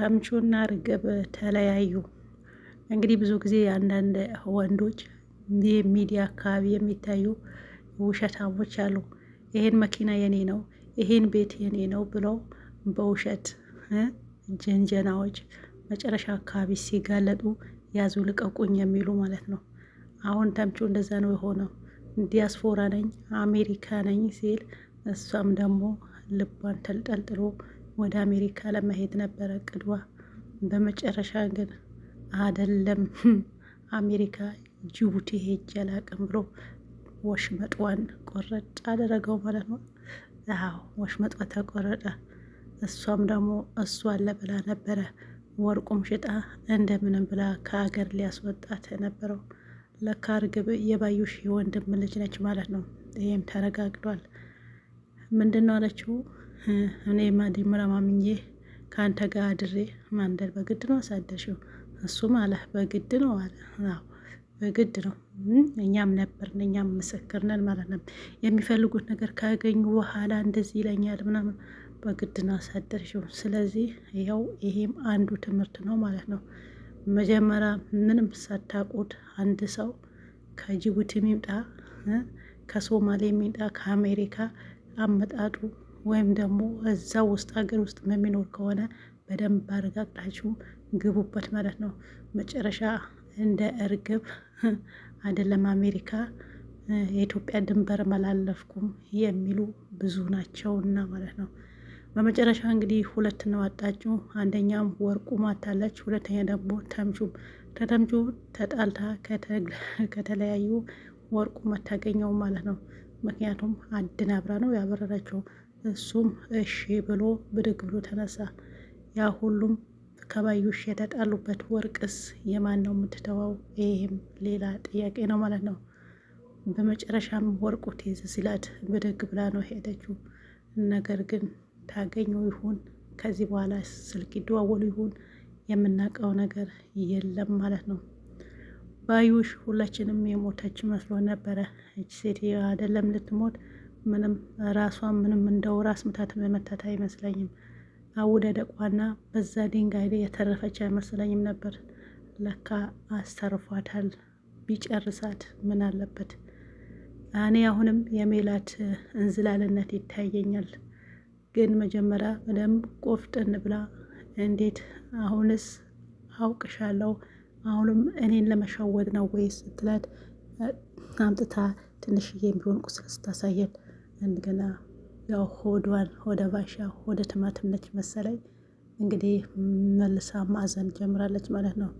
ተምቹና ርግብ ተለያዩ። እንግዲህ ብዙ ጊዜ አንዳንድ ወንዶች የሚዲያ አካባቢ የሚታዩ ውሸታሞች አሉ። ይሄን መኪና የኔ ነው፣ ይሄን ቤት የኔ ነው ብለው በውሸት ጀንጀናዎች መጨረሻ አካባቢ ሲጋለጡ ያዙ ልቀቁኝ የሚሉ ማለት ነው። አሁን ተምቹ እንደዛ ነው የሆነው። ዲያስፖራ ነኝ አሜሪካ ነኝ ሲል እሷም ደግሞ ልቧን ተንጠልጥሎ ወደ አሜሪካ ለመሄድ ነበረ ቅድዋ በመጨረሻ ግን አደለም አሜሪካ ጅቡቲ ሄጅ ያላቅም ብሎ ወሽመጥዋን ቆረጥ አደረገው ማለት ነው። አዎ ወሽመጧ ተቆረጠ። እሷም ደግሞ እሱ አለ ብላ ነበረ ወርቁም ሽጣ እንደምንም ብላ ከሀገር ሊያስወጣት ነበረው። ለካ እርግብ የባዩሽ የወንድም ልጅ ነች ማለት ነው። ይህም ተረጋግጧል። ምንድን ነው አለችው? እኔ ማዲ ማምኜ ከአንተ ጋር አድሬ ማንደር በግድ ነው አሳደሽው። እሱም አለ በግድ ነው አለ አዎ በግድ ነው። እኛም ነበርን እኛም ምስክር ማለት ነው። የሚፈልጉት ነገር ካገኙ በኋላ እንደዚህ ይለኛል ምናምን በግድ ነው አሳደርሽው። ስለዚህ ይኸው ይሄም አንዱ ትምህርት ነው ማለት ነው። መጀመሪያ ምንም ሳታቁት አንድ ሰው ከጅቡቲ የሚምጣ ከሶማሌ የሚምጣ ከአሜሪካ አመጣጡ ወይም ደግሞ እዛው ውስጥ ሀገር ውስጥ የሚኖር ከሆነ በደንብ አረጋግጣችሁ ግቡበት ማለት ነው። መጨረሻ እንደ እርግብ አይደለም አሜሪካ የኢትዮጵያ ድንበር አላለፍኩም የሚሉ ብዙ ናቸውና ማለት ነው። በመጨረሻ እንግዲህ ሁለት ነው አጣችሁ። አንደኛም ወርቁም አታለች፣ ሁለተኛ ደግሞ ተምቹም ከተምቹ ተጣልታ ከተለያዩ ወርቁ አታገኘው ማለት ነው። ምክንያቱም አብራ ነው ያበረረችው። እሱም እሺ ብሎ ብድግ ብሎ ተነሳ። ያ ሁሉም ከባዩሽ የተጣሉበት ወርቅስ የማን ነው የምትተወው? ይህም ሌላ ጥያቄ ነው ማለት ነው። በመጨረሻም ወርቁ ትይዝ ሲላት ብድግ ብላ ነው ሄደችው። ነገር ግን ታገኘው ይሁን ከዚህ በኋላ ስልክ ይደዋወሉ ይሁን የምናውቀው ነገር የለም ማለት ነው። ባዩሽ ሁላችንም የሞተች መስሎ ነበረ። እች ሴት አይደለም ልትሞት ምንም ራሷ ምንም እንደው ራስ ምታት መመታት አይመስለኝም። አውደደቋና በዛ ድንጋይ ላይ የተረፈች አይመስለኝም ነበር። ለካ አስተርፏታል። ቢጨርሳት ምን አለበት? እኔ አሁንም የሜላት እንዝላልነት ይታየኛል። ግን መጀመሪያ በደንብ ቆፍጥን ብላ እንዴት አሁንስ አውቅሻለሁ አሁንም እኔን ለመሸወድ ነው ወይስ ስትላት አምጥታ ትንሽዬ ቢሆን ቁስል ስታሳያል። እንደገና ያው ሆዷን ሆደ ባሻ ሆደ ትማትም መሰለኝ እንግዲህ መልሳ ማዘን ጀምራለች ማለት ነው።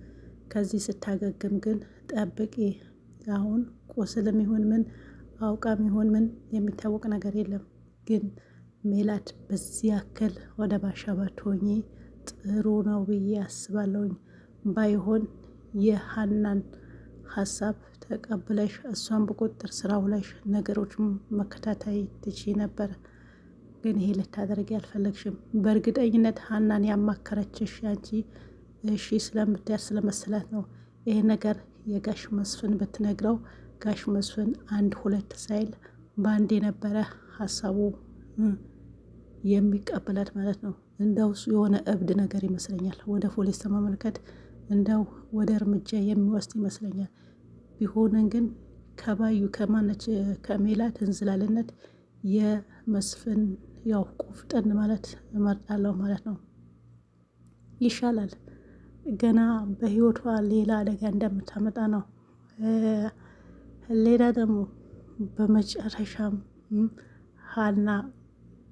ከዚህ ስታገግም ግን ጠብቂ። አሁን ቁስልም ይሁን ምን አውቃም ይሁን ምን የሚታወቅ ነገር የለም። ግን ሜላት በዚህ ያክል ወደ ባሻ ባትሆኚ ጥሩ ነው ብዬ አስባለሁኝ። ባይሆን የሀናን ሀሳብ ተቀብለሽ እሷን በቁጥጥር ስራው አውለሽ ነገሮችን መከታታይ ትቺ ነበር። ግን ይሄ ልታደርጊ አልፈለግሽም። በእርግጠኝነት ሀናን ያማከረችሽ ያንቺ እሺ ስለምትያዝ ስለመሰላት ነው። ይሄ ነገር የጋሽ መስፍን ብትነግረው ጋሽ መስፍን አንድ ሁለት ሳይል በአንድ የነበረ ሀሳቡ የሚቀበላት ማለት ነው። እንደው የሆነ እብድ ነገር ይመስለኛል። ወደ ፖሊስ ተመመልከት እንደው ወደ እርምጃ የሚወስድ ይመስለኛል። ቢሆንም ግን ከባዩ ከማነች ከሜላ እንዝላልነት የመስፍን ያው ቆፍጠን ማለት እመርጣለሁ ማለት ነው ይሻላል። ገና በህይወቷ ሌላ አደጋ እንደምታመጣ ነው። ሌላ ደግሞ በመጨረሻም ሀና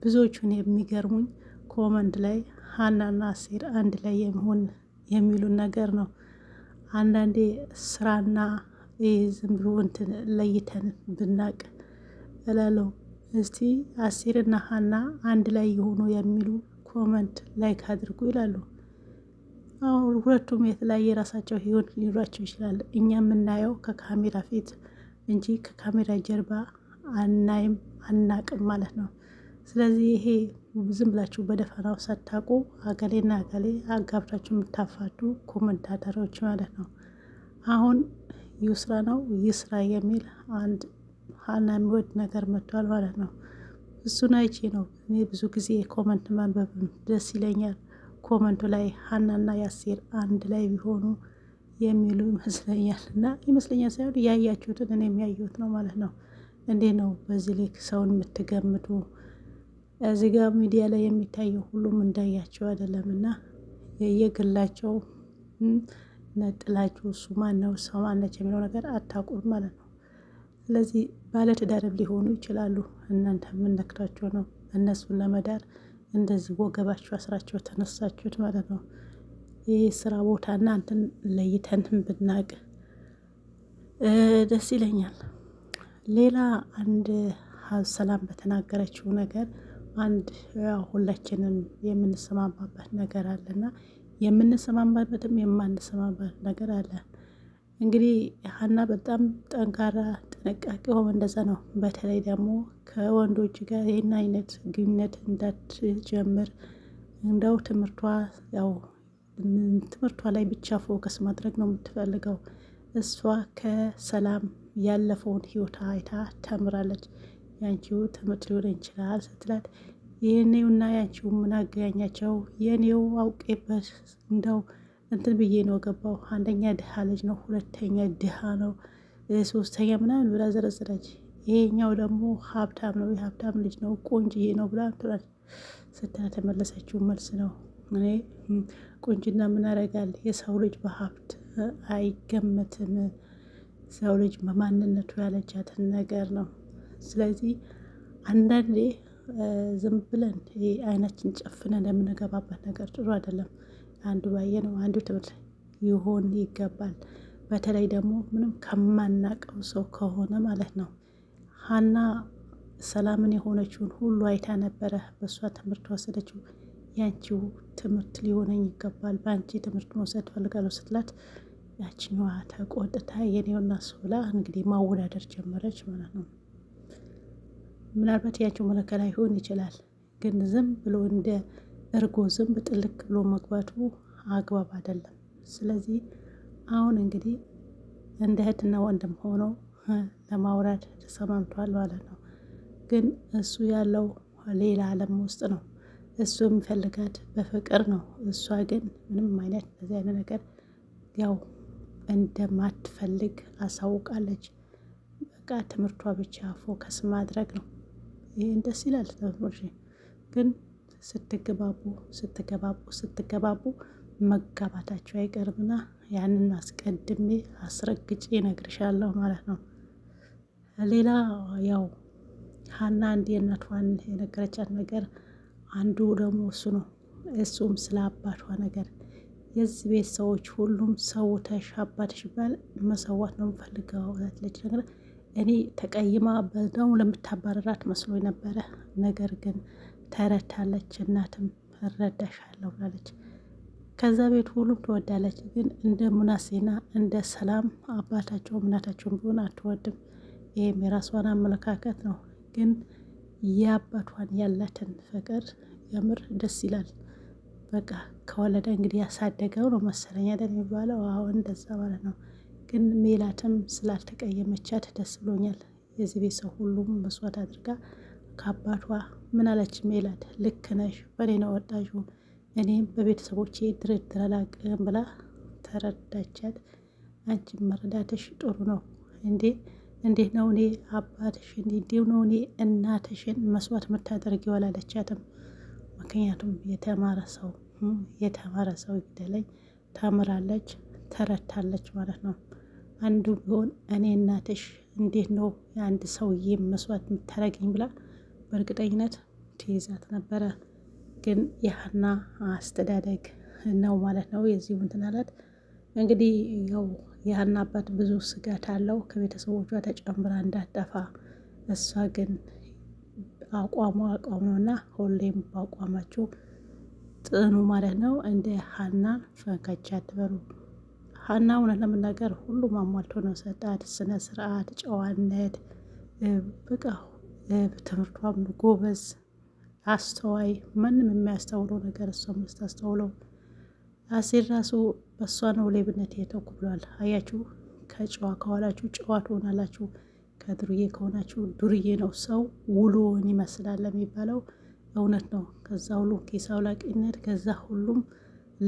ብዙዎቹን የሚገርሙኝ ኮመንድ ላይ ሀናና አሴር አንድ ላይ የሚሆን የሚሉን ነገር ነው። አንዳንዴ ስራና ዝም ብሎ እንትን ለይተን ብናቅ እላለው እስቲ አሴርና ሀና አንድ ላይ የሆኑ የሚሉ ኮመንት ላይክ አድርጉ ይላሉ። አሁን ሁለቱም የተለያየ የራሳቸው ህይወት ሊኖራቸው ይችላል። እኛ የምናየው ከካሜራ ፊት እንጂ ከካሜራ ጀርባ አናይም አናቅም ማለት ነው። ስለዚህ ይሄ ዝም ብላችሁ በደፈናው ሳታውቁ አገሌና አገሌ አጋብታችሁ የምታፋቱ ኮመንታተሮች ማለት ነው። አሁን ይስራ ነው ይስራ የሚል አንድ ሀና የሚወድ ነገር መጥቷል ማለት ነው። እሱን አይቼ ነው እኔ ብዙ ጊዜ ኮመንት ማንበብም ደስ ይለኛል። ኮመንቱ ላይ ሀናና ያሴር አንድ ላይ ቢሆኑ የሚሉ ይመስለኛል እና ይመስለኛል ሳይሆን ያያችሁትን እኔ የሚያየሁት ነው ማለት ነው። እንዴ ነው በዚህ ልክ ሰውን የምትገምቱ? እዚህ ጋር ሚዲያ ላይ የሚታየው ሁሉም እንዳያቸው አይደለም እና የየግላቸው ነጥላችሁ እሱ ማነው እሷ ነች የሚለው ነገር አታውቁም ማለት ነው። ስለዚህ ባለትዳርም ሊሆኑ ይችላሉ። እናንተ ምን ነው እነሱን ለመዳር እንደዚህ ወገባችሁ አስራችሁ ተነሳችሁት ማለት ነው። ይህ ስራ ቦታ እናንተን ለይተንም ብናቅ ደስ ይለኛል። ሌላ አንድ ሰላም በተናገረችው ነገር አንድ ሁላችንም የምንሰማማበት ነገር አለና የምንሰማማበትም የማንሰማማበት ነገር አለ። እንግዲህ ሀና በጣም ጠንካራ ጥንቃቄውም እንደዛ ነው። በተለይ ደግሞ ከወንዶች ጋር ይህን አይነት ግንኙነት እንዳትጀምር እንደው ትምህርቷ ያው ትምህርቷ ላይ ብቻ ፎከስ ማድረግ ነው የምትፈልገው። እሷ ከሰላም ያለፈውን ህይወት አይታ ተምራለች። ያንቺው ትምህርት ሊሆን ይችላል ስትላት የኔውና ያንቺው ምን አገናኛቸው? የኔው አውቄበት እንደው እንትን ብዬ ነው ገባው። አንደኛ ድሃ ልጅ ነው፣ ሁለተኛ ድሃ ነው፣ ሶስተኛ ምናምን ብላ ዘረዘረች። ይሄኛው ደግሞ ሀብታም ነው፣ የሀብታም ልጅ ነው፣ ቆንጅዬ ነው ብላ ትላል ስትላ ተመለሰችው መልስ ነው። እኔ ቁንጅና ምን ያደርጋል? የሰው ልጅ በሀብት አይገመትም። ሰው ልጅ በማንነቱ ያለቻትን ነገር ነው። ስለዚህ አንዳንዴ ዝም ብለን አይናችን ጨፍነን የምንገባበት ነገር ጥሩ አይደለም። አንዱ ነው አንዱ ትምህርት ይሆን ይገባል። በተለይ ደግሞ ምንም ከማናቀው ሰው ከሆነ ማለት ነው። ሀና ሰላምን የሆነችውን ሁሉ አይታ ነበረ። በእሷ ትምህርት ወሰደችው። ያንቺው ትምህርት ሊሆነኝ ይገባል፣ በአንቺ ትምህርት መውሰድ ፈልጋለሁ ስትላት ያችኛዋ ተቆጥታ የኔውና እሱ ብላ እንግዲህ ማወዳደር ጀመረች ማለት ነው። ምናልባት ያቸው መለከላ ይሆን ይችላል። ግን ዝም ብሎ እንደ እርጎ ዝንብ ጥልቅ ብሎ መግባቱ አግባብ አይደለም። ስለዚህ አሁን እንግዲህ እንደ እህትና ወንድም ሆነው ለማውራት ተሰማምተዋል ማለት ነው። ግን እሱ ያለው ሌላ ዓለም ውስጥ ነው። እሱ የሚፈልጋት በፍቅር ነው። እሷ ግን ምንም አይነት በዚህ አይነት ነገር ያው እንደማትፈልግ አሳውቃለች። በቃ ትምህርቷ ብቻ ፎከስ ማድረግ ነው። ይህን ደስ ይላል ተመልሼ ግን ስትገባቡ ስትገባቡ ስትገባቡ መጋባታቸው አይቀርምና ያንን አስቀድሜ አስረግጬ ነግርሻለሁ ማለት ነው። ሌላ ያው ሀና አንድ የእናቷን የነገረቻት ነገር አንዱ ደግሞ እሱ ነው። እሱም ስለ አባቷ ነገር የዚህ ቤት ሰዎች ሁሉም ሰውተሽ አባትሽ ይባል መሰዋት ነው የምፈልገው ለች ነገር እኔ ተቀይማ በዛው ለምታባረራት መስሎ ነበረ። ነገር ግን ተረታለች። እናትም እረዳሻለሁ ብላለች። ከዛ ቤት ሁሉም ትወዳለች። ግን እንደ ሙናሴና እንደ ሰላም አባታቸውም እናታቸውም ቢሆን አትወድም። ይህም የራሷን አመለካከት ነው። ግን የአባቷን ያላትን ፍቅር የምር ደስ ይላል። በቃ ከወለደ እንግዲህ ያሳደገው ነው መሰለኝ አይደል የሚባለው? አዎ እንደዛ ማለት ነው። ግን ሜላትም ስላልተቀየመቻት ደስ ብሎኛል። የዚህ ቤት ሰው ሁሉም መስዋዕት አድርጋ ከአባቷ ምን አለች ሜላት፣ ልክ ነሽ፣ በእኔ ነው ወጣሹ፣ እኔም በቤተሰቦቼ ድርድር አላቅም ብላ ተረዳቻት። አንቺ መረዳትሽ ጥሩ ነው እንዴ እንዴት ነው እኔ አባትሽን እንዲሁ ነው እኔ እናትሽን መስዋዕት የምታደርጊው አላለቻትም። ምክንያቱም የተማረ ሰው የተማረ ሰው ይግደለኝ ታምራለች ተረድታለች ማለት ነው። አንዱ ቢሆን እኔ እናትሽ እንዴት ነው የአንድ ሰውዬ መስዋዕት የምታደርገኝ ብላ በእርግጠኝነት ትይዛት ነበረ። ግን ያህና አስተዳደግ ነው ማለት ነው የዚህ እንትን አላት። እንግዲህ ያው ያህና አባት ብዙ ስጋት አለው ከቤተሰቦቿ ተጨምራ እንዳትጠፋ። እሷ ግን አቋሙ አቋም ነው እና ሁሌም በአቋማቸው ጥኑ ማለት ነው። እንደ ሀና ፈንካቻ አትበሉ። ሀና እውነት ለመናገር ሁሉም አሟልቶ ነው ሰጣት። ስነ ስርዓት፣ ጨዋነት፣ በቃ ትምህርቷም ጎበዝ፣ አስተዋይ ማንም የሚያስተውለው ነገር እሷ ምስታስተውለው። አሴር ራሱ በእሷ ነው ሌብነት የተኩ ብሏል። አያችሁ ከጨዋ ከኋላችሁ ጨዋ ትሆናላችሁ፣ ከዱርዬ ከሆናችሁ ዱርዬ ነው። ሰው ውሎን ይመስላል የሚባለው እውነት ነው። ከዛ ሁሉ ኬሳው ላቂነት ከዛ ሁሉም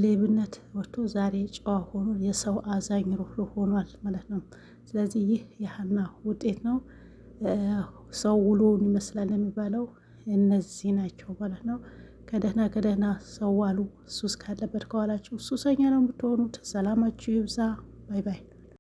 ሌብነት ወጥቶ ዛሬ ጨዋ ሆኖ የሰው አዛኝ ሩህሩህ ሆኗል ማለት ነው። ስለዚህ ይህ የሀና ውጤት ነው። ሰው ውሎውን ይመስላል የሚባለው እነዚህ ናቸው ማለት ነው። ከደህና ከደህና ሰው ዋሉ። ሱስ ካለበት ከኋላቸው ሱሰኛ ነው የምትሆኑት። ሰላማችሁ ይብዛ። ባይ ባይ